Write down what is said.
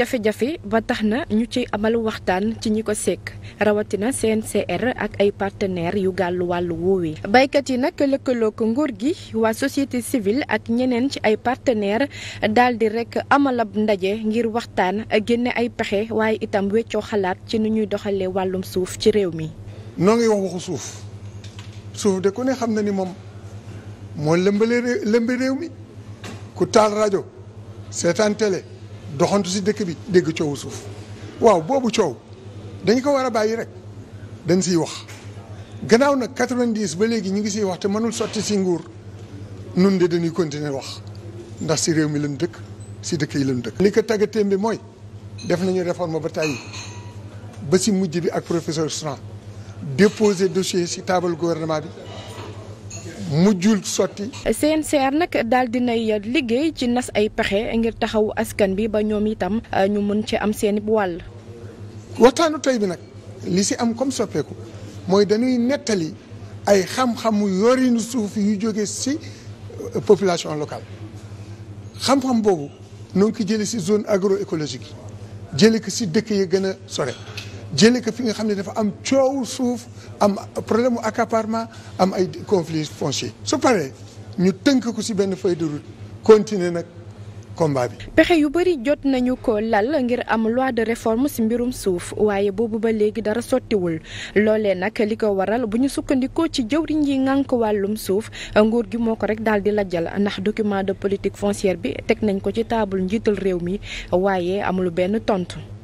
jafe-jafe ba tax na ñu ci amal waxtaan ci ñi ko sekk rawatina CNCR ak ay partenaires yu gàllu wàll woowee. baykat yi nag lëkkaloo ko nguur gi waa société civile ak ñeneen ci ay partenaires daldi rekk rek amalab ndaje ngir waxtaan génne ay pexe waaye itam weccoo xalaat ci nu ñuy doxalee wàllum suuf ci réew mi. noo ngi wax waxu suuf suuf de ku ne xam na ni moom moo lëmbale lëmbi réew mi ku taal rajo seetaan télé. doxantu si dëkk bi dégg coowu suuf waaw boobu coow dañ ko war a bàyyi rek dañ siy wax gannaaw nag 90 ba léegi ñu ngi siy wax te mënul sotti si nguur nun de dañuy continuer wax ndax si réew mi lañ dëkk si dëkk yi lañ dëkk. li ko tàggatéem bi mooy def nañu réforme ba tàyyi ba si mujj bi ak professeur Sran déposer dossier si table gouvernement bi. mu jul sotti. CNCR nag daal dinay liggéey ci nas ay pexe ngir taxawu askan bi ba ñoom itam euh, ñu mën ci am seen wàll. waxtaanu tey bi nag li si am comme soppeeku mooy dañuy nettali ay xam-xamu yorinu suuf yu jóge si euh, population locale xam-xam boobu noo ki jële jëlee si zone agroécologique yi jële ko si dëkk yi gën a sore. jëlee ko fi nga xam ne dafa am coow suuf am problème mu accaparement am ay conflits fonciers su paree ñu tënk ko ci benn feuille de route continuer nag combat bi. pexe yu bëri jot nañu ko lal ngir am loi de réforme ci mbirum suuf waaye boobu ba léegi dara sottiwul loolee nag li ko waral bu ñu sukkandikoo ci jëw jëwriñ yi ngànk wàllum suuf nguur gi moo ko rek daal di lajjal ndax document de politique foncière bi teg nañ ko ci taabul njiital réew mi waaye amul benn tontu.